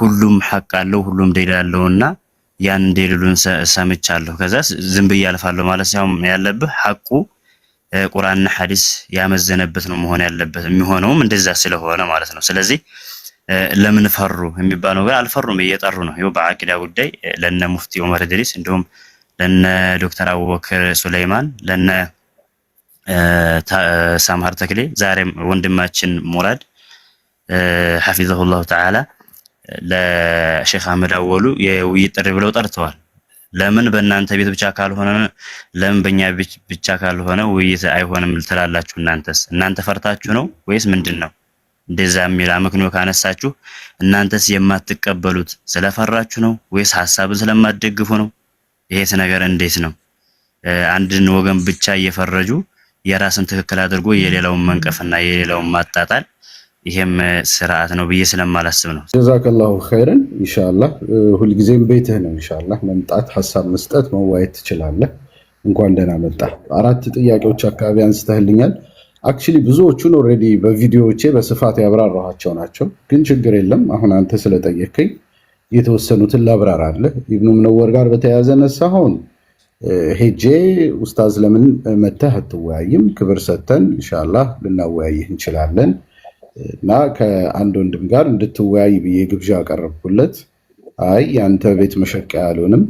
ሁሉም ሐቅ አለው፣ ሁሉም ደሊል አለው እና ያን ደሊሉን ሰምቻለሁ። ከዛ ዝም ብዬ አልፋለሁ ማለት ያው ያለብህ ሐቁ ቁርአንና ሐዲስ ያመዘነበት ነው መሆን ያለበት። የሚሆነውም እንደዛ ስለሆነ ማለት ነው። ስለዚህ ለምን ፈሩ የሚባለው ግን አልፈሩም፣ እየጠሩ ነው። ይኸው በአቂዳ ጉዳይ ለነ ሙፍቲ ዑመር ድሪስ እንዲሁም ለነ ዶክተር አቡበክር ሱለይማን ለነ ሳምሃር ተክሌ ዛሬም ወንድማችን ሙራድ ሐፊዘሁላሁ ተዓላ ለሼክ አህመድ አወሉ የውይይት ጥሪ ብለው ጠርተዋል። ለምን በእናንተ ቤት ብቻ ካልሆነ ለምን በእኛ ቤት ብቻ ካልሆነ ውይይት አይሆንም ትላላችሁ? እናንተስ እናንተ ፈርታችሁ ነው ወይስ ምንድን ነው? እንደዛ የሚል አመክንዮ ካነሳችሁ እናንተስ የማትቀበሉት ስለፈራችሁ ነው ወይስ ሀሳብን ስለማትደግፉ ነው? ይሄስ ነገር እንዴት ነው? አንድን ወገን ብቻ እየፈረጁ የራስን ትክክል አድርጎ የሌላውን መንቀፍና የሌላውን ማጣጣል ይሄም ስርዓት ነው ብዬ ስለማላስብ ነው። ጀዛከላሁ ኸይረን እንሻላ። ሁልጊዜም ቤትህ ነው እንሻላ። መምጣት፣ ሀሳብ መስጠት፣ መዋየት ትችላለህ። እንኳን ደህና መጣ። አራት ጥያቄዎች አካባቢ አንስተህልኛል። አክቹዋሊ ብዙዎቹን ኦልሬዲ በቪዲዮዎቼ በስፋት ያብራራኋቸው ናቸው፣ ግን ችግር የለም አሁን አንተ ስለጠየከኝ የተወሰኑትን ላብራራለህ። ኢብኑ ምነወር ጋር በተያያዘ ነሳሁን ሄጄ ኡስታዝ ለምን መተህ አትወያይም? ክብር ሰጥተን እንሻላ ልናወያይህ እንችላለን እና ከአንድ ወንድም ጋር እንድትወያይ ብዬ ግብዣ ቀረብኩለት አይ ያንተ ቤት መሸቂያ ያልሆንም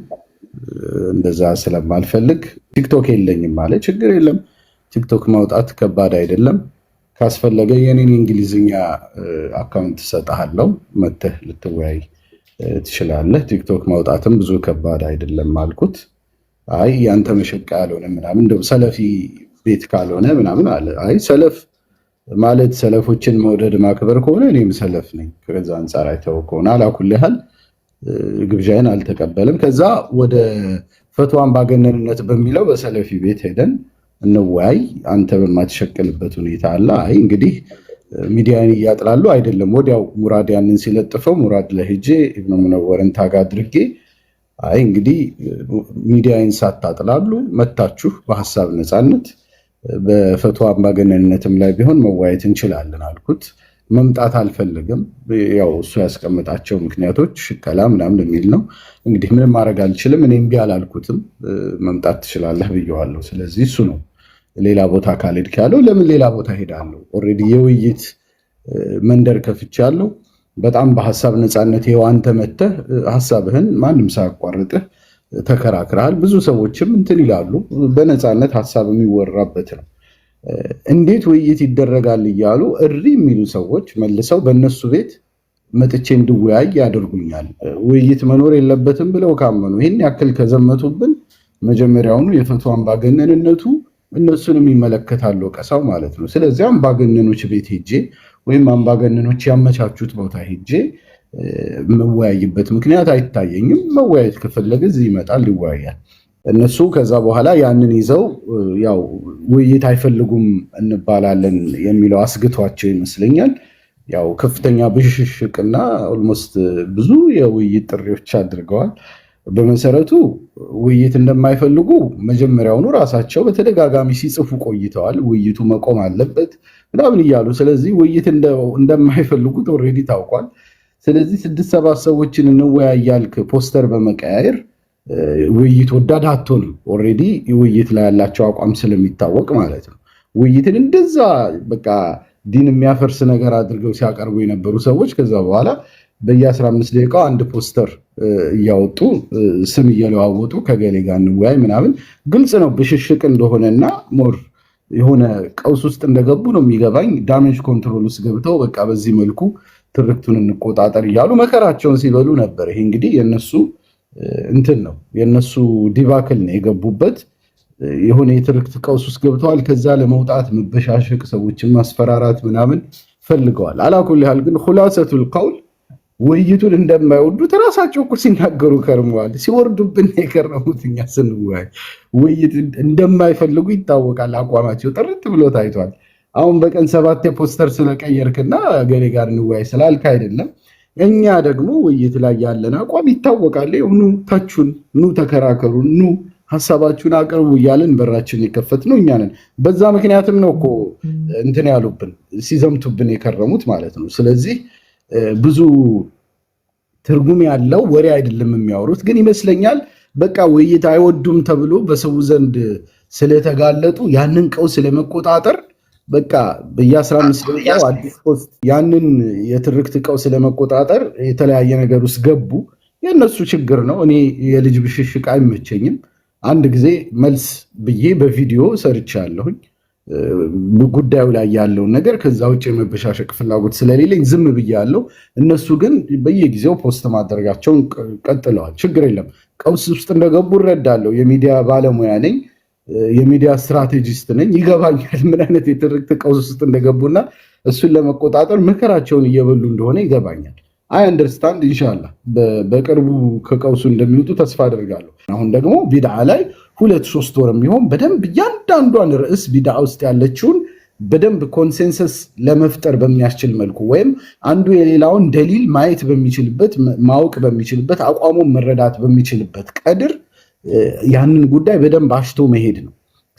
እንደዛ ስለማልፈልግ ቲክቶክ የለኝም አለ። ችግር የለም ቲክቶክ ማውጣት ከባድ አይደለም። ካስፈለገ የኔን የእንግሊዝኛ አካውንት ሰጠሃለው፣ መተህ ልትወያይ ትችላለህ። ቲክቶክ ማውጣትም ብዙ ከባድ አይደለም አልኩት። አይ ያንተ መሸቂያ ያልሆነ ምናምን እንደውም ሰለፊ ቤት ካልሆነ ምናምን አለ። አይ ሰለፍ ማለት ሰለፎችን መውደድ ማክበር ከሆነ እኔም ሰለፍ ነኝ። ከዛ አንጻር አይተው ከሆነ አላኩል ያህል ግብዣይን አልተቀበልም። ከዛ ወደ ፈትዋን ባገነንነት በሚለው በሰለፊ ቤት ሄደን እንወያይ፣ አንተ በማትሸቅልበት ሁኔታ አለ። አይ እንግዲህ ሚዲያን እያጥላሉ አይደለም። ወዲያው ሙራድ ያንን ሲለጥፈው ሙራድ ለሄጄ ኢብኑ ሙነወርን ታጋ አድርጌ አይ እንግዲህ ሚዲያን ሳታጥላሉ መታችሁ በሀሳብ ነፃነት በፈቶ አምባገነንነትም ላይ ቢሆን መወያየት እንችላለን አልኩት። መምጣት አልፈልግም፣ ያው እሱ ያስቀመጣቸው ምክንያቶች ሽቀላ ምናምን የሚል ነው። እንግዲህ ምንም ማድረግ አልችልም። እኔ እምቢ አላልኩትም። መምጣት ትችላለህ ብየዋለሁ። ስለዚህ እሱ ነው ሌላ ቦታ ካልሄድክ ያለው። ለምን ሌላ ቦታ ሄዳለሁ? ኦልሬዲ የውይይት መንደር ከፍቻለሁ። በጣም በሀሳብ ነፃነት ይኸው አንተ መተህ ሀሳብህን ማንም ሳያቋርጥህ ተከራክራል ብዙ ሰዎችም እንትን ይላሉ። በነፃነት ሀሳብ የሚወራበት ነው። እንዴት ውይይት ይደረጋል እያሉ እሪ የሚሉ ሰዎች መልሰው በእነሱ ቤት መጥቼ እንድወያይ ያደርጉኛል። ውይይት መኖር የለበትም ብለው ካመኑ ይህን ያክል ከዘመቱብን መጀመሪያውኑ የፈቶ አምባገነንነቱ እነሱንም ይመለከታሉ ቀሳው ማለት ነው። ስለዚህ አምባገነኖች ቤት ሄጄ ወይም አምባገነኖች ያመቻቹት ቦታ ሄጄ መወያይበት ምክንያት አይታየኝም። መወያየት ከፈለገ እዚህ ይመጣል ይወያያል። እነሱ ከዛ በኋላ ያንን ይዘው ያው ውይይት አይፈልጉም እንባላለን የሚለው አስግቷቸው ይመስለኛል። ያው ከፍተኛ ብሽሽቅና ኦልሞስት ብዙ የውይይት ጥሪዎች አድርገዋል። በመሰረቱ ውይይት እንደማይፈልጉ መጀመሪያውኑ ራሳቸው በተደጋጋሚ ሲጽፉ ቆይተዋል። ውይይቱ መቆም አለበት ምናምን እያሉ ስለዚህ ውይይት እንደማይፈልጉት ኦልሬዲ ታውቋል። ስለዚህ ስድስት ሰባት ሰዎችን እንወያያልክ ፖስተር በመቀያየር ውይይት ወዳድ አትሆንም። ኦልሬዲ ውይይት ላይ ያላቸው አቋም ስለሚታወቅ ማለት ነው። ውይይትን እንደዛ በቃ ዲን የሚያፈርስ ነገር አድርገው ሲያቀርቡ የነበሩ ሰዎች ከዛ በኋላ በየ15 ደቂቃው አንድ ፖስተር እያወጡ ስም እየለዋወጡ ከገሌ ጋር እንወያይ ምናምን ግልጽ ነው ብሽሽቅ እንደሆነና ሞር የሆነ ቀውስ ውስጥ እንደገቡ ነው የሚገባኝ። ዳሜጅ ኮንትሮል ውስጥ ገብተው በቃ በዚህ መልኩ ትርክቱን እንቆጣጠር እያሉ መከራቸውን ሲበሉ ነበር። ይሄ እንግዲህ የነሱ እንትን ነው፣ የነሱ ዲባክል ነው የገቡበት። የሆነ የትርክት ቀውስ ውስጥ ገብተዋል። ከዛ ለመውጣት መበሻሸቅ፣ ሰዎችን ማስፈራራት ምናምን ፈልገዋል። አላኩል ያህል ግን ሁላሰቱል ቀውል ውይይቱን እንደማይወዱት ራሳቸው እኮ ሲናገሩ ከርመዋል። ሲወርዱብን የከረሙት እኛ ስንወያይ ውይይት እንደማይፈልጉ ይታወቃል። አቋማቸው ጥርት ብሎ ታይቷል። አሁን በቀን ሰባት ፖስተር ስለቀየርክና ገሌ ጋር እንወያይ ስላልክ አይደለም። እኛ ደግሞ ውይይት ላይ ያለን አቋም ይታወቃል። ኑ ተቹን፣ ኑ ተከራከሩን፣ ኑ ሀሳባችሁን አቅርቡ እያለን በራችን የከፈት ነው እኛ ነን። በዛ ምክንያትም ነው እኮ እንትን ያሉብን ሲዘምቱብን የከረሙት ማለት ነው። ስለዚህ ብዙ ትርጉም ያለው ወሬ አይደለም የሚያወሩት። ግን ይመስለኛል በቃ ውይይት አይወዱም ተብሎ በሰው ዘንድ ስለተጋለጡ ያንን ቀውስ ስለመቆጣጠር በቃ በየአስራ አምስት ደቂቃው አዲስ ፖስት ያንን የትርክት ቀውስ ለመቆጣጠር የተለያየ ነገር ውስጥ ገቡ። የእነሱ ችግር ነው። እኔ የልጅ ብሽሽቅ አይመቸኝም። አንድ ጊዜ መልስ ብዬ በቪዲዮ ሰርቻለሁኝ። ጉዳዩ ላይ ያለውን ነገር ከዛ ውጭ የመበሻሸቅ ፍላጎት ስለሌለኝ ዝም ብያለሁ። እነሱ ግን በየጊዜው ፖስት ማድረጋቸውን ቀጥለዋል። ችግር የለም። ቀውስ ውስጥ እንደገቡ እረዳለሁ። የሚዲያ ባለሙያ ነኝ። የሚዲያ ስትራቴጂስት ነኝ፣ ይገባኛል ምን አይነት የትርክት ቀውስ ውስጥ እንደገቡና እሱን ለመቆጣጠር ምክራቸውን እየበሉ እንደሆነ ይገባኛል። አይ አንደርስታንድ እንሻላ በቅርቡ ከቀውሱ እንደሚወጡ ተስፋ አድርጋለሁ። አሁን ደግሞ ቢድዓ ላይ ሁለት ሶስት ወር የሚሆን በደንብ እያንዳንዷን ርዕስ ቢድዓ ውስጥ ያለችውን በደንብ ኮንሴንሰስ ለመፍጠር በሚያስችል መልኩ ወይም አንዱ የሌላውን ደሊል ማየት በሚችልበት ማወቅ በሚችልበት አቋሙን መረዳት በሚችልበት ቀድር ያንን ጉዳይ በደንብ አሽቶ መሄድ ነው።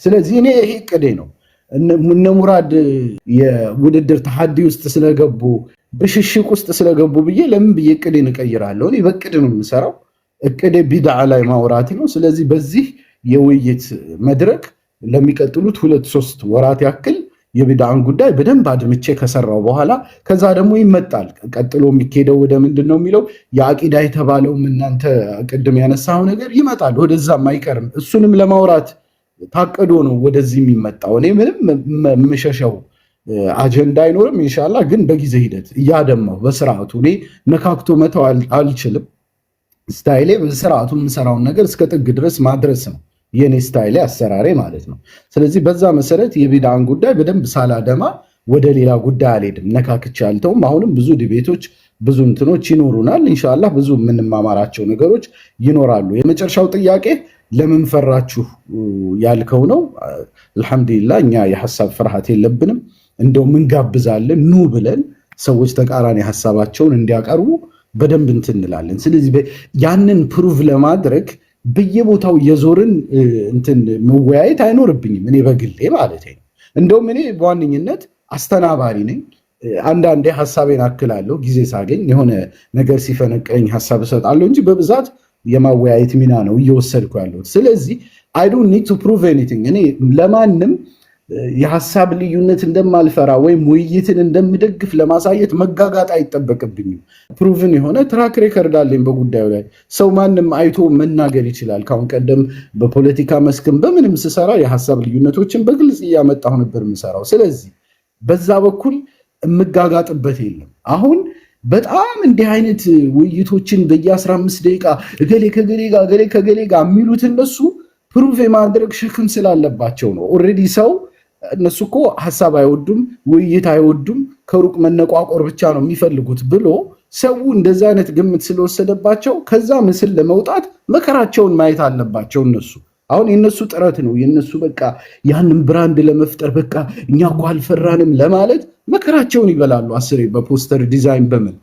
ስለዚህ እኔ ይሄ እቅዴ ነው። እነ ሙራድ የውድድር ተሐዲ ውስጥ ስለገቡ ብሽሽቅ ውስጥ ስለገቡ ብዬ ለምን ብዬ እቅዴን እቀይራለሁ? እኔ በእቅድ ነው የምሰራው። እቅዴ ቢድዓ ላይ ማውራት ነው። ስለዚህ በዚህ የውይይት መድረክ ለሚቀጥሉት ሁለት ሶስት ወራት ያክል የብድዓን ጉዳይ በደንብ አድምቼ ከሰራው በኋላ ከዛ ደግሞ ይመጣል። ቀጥሎ የሚካሄደው ወደ ምንድን ነው የሚለው የአቂዳ የተባለውም እናንተ ቅድም ያነሳው ነገር ይመጣል። ወደዛም አይቀርም። እሱንም ለማውራት ታቅዶ ነው ወደዚህ የሚመጣው። እኔ ምንም የምሸሸው አጀንዳ አይኖርም። እንሻላ ግን በጊዜ ሂደት እያደማው በስርዓቱ እኔ ነካክቶ መተው አልችልም። ስታይሌ በስርዓቱ የምሰራውን ነገር እስከ ጥግ ድረስ ማድረስ ነው። የኔ ስታይል አሰራሬ ማለት ነው። ስለዚህ በዛ መሰረት የቢዳን ጉዳይ በደንብ ሳላደማ ወደ ሌላ ጉዳይ አልሄድም፣ ነካክቼ አልተውም። አሁንም ብዙ ዲቤቶች፣ ብዙ እንትኖች ይኖሩናል። እንሻላ ብዙ የምንማማራቸው ነገሮች ይኖራሉ። የመጨረሻው ጥያቄ ለምን ፈራችሁ ያልከው ነው። አልሐምዱሊላህ እኛ የሀሳብ ፍርሃት የለብንም። እንደውም እንጋብዛለን ኑ ብለን ሰዎች ተቃራኒ ሀሳባቸውን እንዲያቀርቡ በደንብ እንትን እንላለን። ስለዚህ ያንን ፕሩቭ ለማድረግ በየቦታው የዞርን እንትን መወያየት አይኖርብኝም። እኔ በግሌ ማለት ነው። እንደውም እኔ በዋነኝነት አስተናባሪ ነኝ። አንዳንዴ ሀሳቤን አክላለሁ፣ ጊዜ ሳገኝ የሆነ ነገር ሲፈነቀኝ ሀሳብ እሰጣለሁ እንጂ በብዛት የማወያየት ሚና ነው እየወሰድኩ ያለሁት። ስለዚህ አይ ዶንት ኒድ ቱ ፕሩቭ ኤኒቲንግ እኔ ለማንም የሀሳብ ልዩነት እንደማልፈራ ወይም ውይይትን እንደምደግፍ ለማሳየት መጋጋጥ አይጠበቅብኝም። ፕሩቭን የሆነ ትራክ ሬከርድ አለኝ በጉዳዩ ላይ ሰው ማንም አይቶ መናገር ይችላል። ካሁን ቀደም በፖለቲካ መስክም በምንም ስሰራ የሀሳብ ልዩነቶችን በግልጽ እያመጣሁ ነበር የምሰራው። ስለዚህ በዛ በኩል የምጋጋጥበት የለም። አሁን በጣም እንዲህ አይነት ውይይቶችን በየ15 ደቂቃ እገሌ ከገሌ ጋር እገሌ ከገሌ ጋር የሚሉት እነሱ ፕሩቭ የማድረግ ሸክም ስላለባቸው ነው ኦልሬዲ ሰው እነሱ እኮ ሀሳብ አይወዱም፣ ውይይት አይወዱም፣ ከሩቅ መነቋቆር ብቻ ነው የሚፈልጉት ብሎ ሰው እንደዚ አይነት ግምት ስለወሰደባቸው ከዛ ምስል ለመውጣት መከራቸውን ማየት አለባቸው እነሱ አሁን የነሱ ጥረት ነው የነሱ በቃ ያንን ብራንድ ለመፍጠር በቃ እኛ እኮ አልፈራንም ለማለት መከራቸውን ይበላሉ። አስሬ በፖስተር ዲዛይን በምን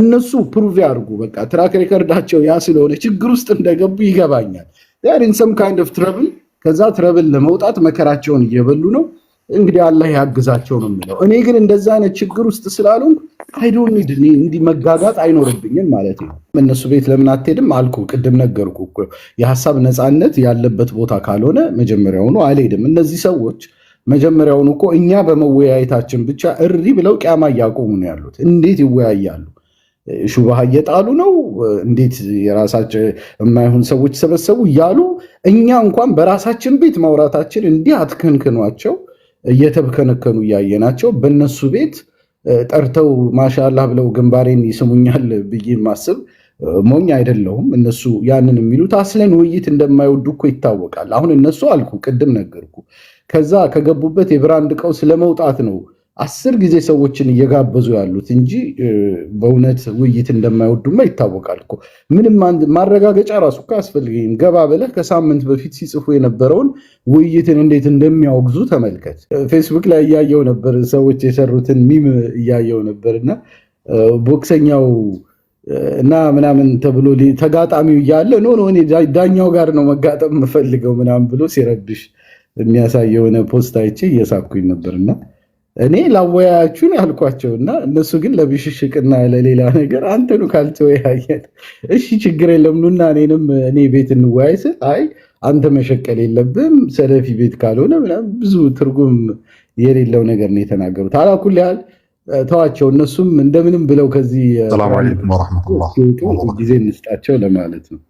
እነሱ ፕሩቭ ያድርጉ። በቃ ትራክ ሬከርዳቸው ያ ስለሆነ ችግር ውስጥ እንደገቡ ይገባኛል። ያሪን ሰም ካይንድ ኦፍ ትረብል ከዛ ትረብል ለመውጣት መከራቸውን እየበሉ ነው። እንግዲህ አላህ ያግዛቸው ነው የሚለው እኔ ግን እንደዛ አይነት ችግር ውስጥ ስላሉ አይዶኒድ እንዲህ መጋጋጥ አይኖርብኝም ማለት ነው። እነሱ ቤት ለምን አትሄድም አልኩ። ቅድም ነገርኩ እኮ የሀሳብ ነፃነት ያለበት ቦታ ካልሆነ መጀመሪያውኑ አልሄድም። እነዚህ ሰዎች መጀመሪያውኑ እኮ እኛ በመወያየታችን ብቻ እሪ ብለው ቅያማ እያቆሙ ነው ያሉት። እንዴት ይወያያሉ? ሹባህ እየጣሉ ነው። እንዴት የራሳቸው የማይሆን ሰዎች ሰበሰቡ እያሉ እኛ እንኳን በራሳችን ቤት ማውራታችን እንዲህ አትከንክኗቸው። እየተብከነከኑ እያየናቸው በእነሱ ቤት ጠርተው ማሻላ ብለው ግንባሬን ይስሙኛል ብዬ ማስብ ሞኝ አይደለሁም። እነሱ ያንን የሚሉት አስለን ውይይት እንደማይወዱ እኮ ይታወቃል። አሁን እነሱ አልኩ ቅድም ነገርኩ ከዛ ከገቡበት የብራንድ ቀውስ ለመውጣት ነው አስር ጊዜ ሰዎችን እየጋበዙ ያሉት እንጂ በእውነት ውይይት እንደማይወዱማ ይታወቃል እኮ። ምንም ማረጋገጫ ራሱ እኮ ገባ ብለህ ከሳምንት በፊት ሲጽፉ የነበረውን ውይይትን እንዴት እንደሚያወግዙ ተመልከት። ፌስቡክ ላይ እያየው ነበር፣ ሰዎች የሰሩትን ሚም እያየው ነበር እና ቦክሰኛው እና ምናምን ተብሎ ተጋጣሚው እያለ ኖ እኔ ዳኛው ጋር ነው መጋጠም የምፈልገው ምናምን ብሎ ሲረብሽ የሚያሳይ የሆነ ፖስት አይቼ እየሳኩኝ ነበርና እኔ ላወያያችሁን ያልኳቸው እና እነሱ ግን ለብሽሽቅና ለሌላ ነገር አንተኑ ካልተወያየን እሺ ችግር የለም ኑና እኔንም እኔ ቤት እንወያይ ስል አይ አንተ መሸቀል የለብም ሰለፊ ቤት ካልሆነ ብዙ ትርጉም የሌለው ነገር ነው የተናገሩት። አላኩል ያህል ተዋቸው። እነሱም እንደምንም ብለው ከዚህ ጊዜ እንስጣቸው ለማለት ነው።